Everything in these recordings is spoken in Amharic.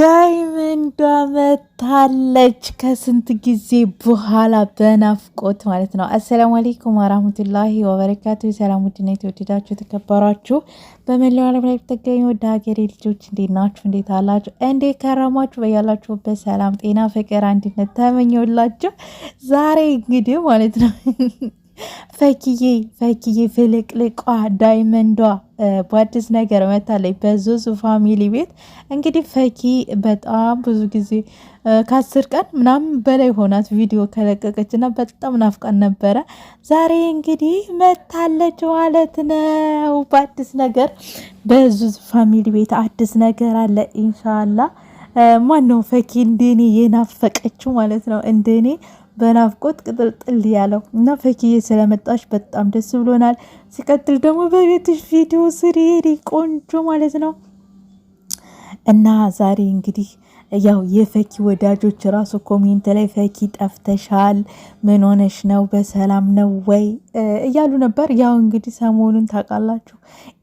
ዳይመንዷ መታለች ከስንት ጊዜ በኋላ በናፍቆት ማለት ነው። አሰላሙ አሌይኩም ወራህመቱላሂ ወበረካቱ። የሰላም ውድና የተወደዳችሁ የተከበሯችሁ በመላው ዓለም ላይ ብትገኙ ወደ ሀገሬ ልጆች እንዴት ናችሁ? እንዴት አላችሁ? እንዴት ከረማችሁ? በያላችሁበት ሰላም፣ ጤና፣ ፍቅር፣ አንድነት ተመኘውላችሁ። ዛሬ እንግዲህ ማለት ነው ፈኪዬ ፈኪዬ ፍልቅልቋ ዳይመንዷ በአዲስ ነገር መታለች። በዙዙ ፋሚሊ ቤት እንግዲህ ፈኪ በጣም ብዙ ጊዜ ከአስር ቀን ምናምን በላይ ሆናት ቪዲዮ ከለቀቀች እና በጣም ናፍቃን ነበረ። ዛሬ እንግዲህ መታለች ማለት ነው በአዲስ ነገር። በዙዙ ፋሚሊ ቤት አዲስ ነገር አለ ኢንሻላ ነው ፈኪ እንደኔ የናፈቀችው ማለት ነው እንደኔ በናፍቆት ቅጥልጥል ያለው እና ፈኪዬ ስለመጣሽ በጣም ደስ ብሎናል። ሲቀጥል ደግሞ በቤትሽ ቪዲዮ ስሪ ቆንጆ ማለት ነው እና ዛሬ እንግዲህ ያው የፈኪ ወዳጆች ራሱ ኮሜንት ላይ ፈኪ ጠፍተሻል፣ ምን ሆነሽ ነው? በሰላም ነው ወይ እያሉ ነበር። ያው እንግዲህ ሰሞኑን ታውቃላችሁ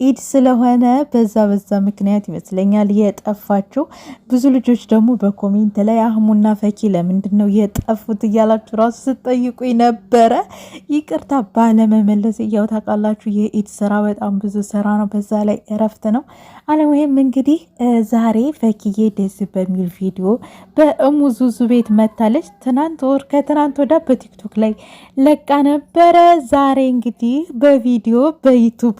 ኢድ ስለሆነ በዛ በዛ ምክንያት ይመስለኛል የጠፋችው። ብዙ ልጆች ደግሞ በኮሜንት ላይ አህሙና ፈኪ ለምንድን ነው የጠፉት እያላችሁ ራሱ ስጠይቁ ነበረ። ይቅርታ ባለመመለስ እያው ታውቃላችሁ የኢድ ስራ በጣም ብዙ ስራ ነው። በዛ ላይ እረፍት ነው። አለምዬም እንግዲህ ዛሬ ፈኪዬ ደስ በሚል ቪዲዮ ዙዙ ቤት መታለች። ትናንት ወር ከትናንት ወዳ በቲክቶክ ላይ ለቃ ነበረ። ዛሬ እንግዲህ በቪዲዮ በዩቱብ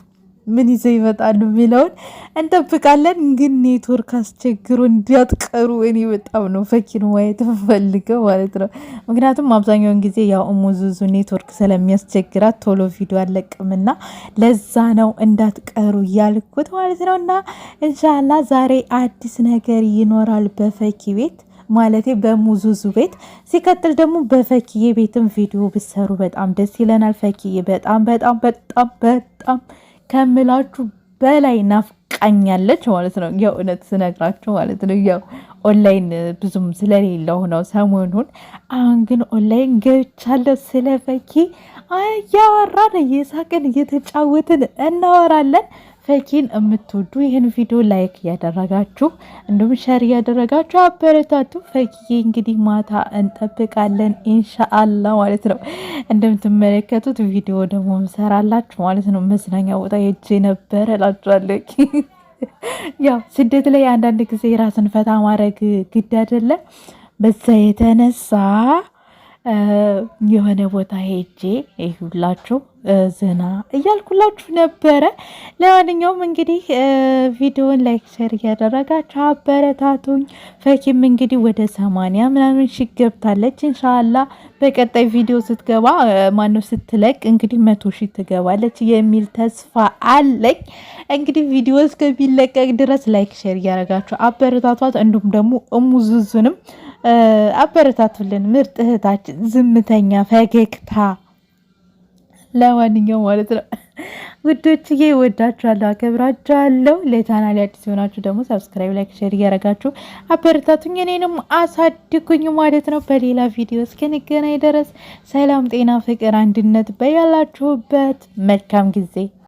ምን ይዘው ይመጣሉ የሚለውን እንጠብቃለን። ግን ኔትወርክ አስቸግሮ እንዲያትቀሩ እኔ በጣም ነው ፈኪን ማየት ፈልገው ማለት ነው። ምክንያቱም አብዛኛውን ጊዜ ያው እሙዙዙ ኔትወርክ ስለሚያስቸግራት ቶሎ ቪዲዮ አለቅምና ለዛ ነው እንዳትቀሩ እያልኩት ማለት ነው። እና እንሻላ ዛሬ አዲስ ነገር ይኖራል በፈኪ ቤት ማለቴ በሙዙዙ ቤት ሲቀጥል ደግሞ በፈኪዬ ቤትም ቪዲዮ ብሰሩ በጣም ደስ ይለናል። ፈኪዬ በጣም በጣም በጣም በጣም ከምላችሁ በላይ ናፍቃኛለች ማለት ነው። የእውነት ስነግራችሁ ማለት ነው ያው ኦንላይን ብዙም ስለሌለው ነው ሰሞኑን። አሁን ግን ኦንላይን ገብቻለሁ። ስለ ፈኪ እያወራን እየሳቅን እየተጫወትን እናወራለን። ፈኪን የምትወዱ ይህን ቪዲዮ ላይክ እያደረጋችሁ እንዲሁም ሸር እያደረጋችሁ አበረታቱ። ፈኪዬ እንግዲህ ማታ እንጠብቃለን ኢንሻአላ ማለት ነው። እንደምትመለከቱት ቪዲዮ ደግሞ ምሰራላችሁ ማለት ነው። መዝናኛ ቦታ ሄጄ ነበረ እላችኋለሁ። ያው ስደት ላይ አንዳንድ ጊዜ ራስን ፈታ ማድረግ ግድ አይደለም። በዛ የተነሳ የሆነ ቦታ ሄጄ ይሁላችሁ ዘና እያልኩላችሁ ነበረ። ለማንኛውም እንግዲህ ቪዲዮን ላይክ፣ ሸር እያደረጋችሁ አበረታቱኝ። ፈኪም እንግዲህ ወደ ሰማንያ ምናምን ሺ ገብታለች። እንሻላ በቀጣይ ቪዲዮ ስትገባ ማነው ስትለቅ እንግዲህ መቶ ሺ ትገባለች የሚል ተስፋ አለኝ። እንግዲህ ቪዲዮ እስከሚለቀቅ ድረስ ላይክ፣ ሸር እያደረጋችሁ አበረታቷት። እንዲሁም ደግሞ እሙዝዙንም አበረታቱልን። ምርጥ እህታችን ዝምተኛ ፈገግታ። ለማንኛውም ማለት ነው ውዶችዬ ወዳችኋለሁ፣ አከብራችኋለሁ። ለቻናሌ አዲስ የሆናችሁ ደግሞ ሰብስክራይብ፣ ላይክ፣ ሼር እያረጋችሁ አበረታቱኝ፣ እኔንም አሳድጉኝ ማለት ነው። በሌላ ቪዲዮ እስክንገናኝ ድረስ ሰላም፣ ጤና፣ ፍቅር፣ አንድነት በያላችሁበት መልካም ጊዜ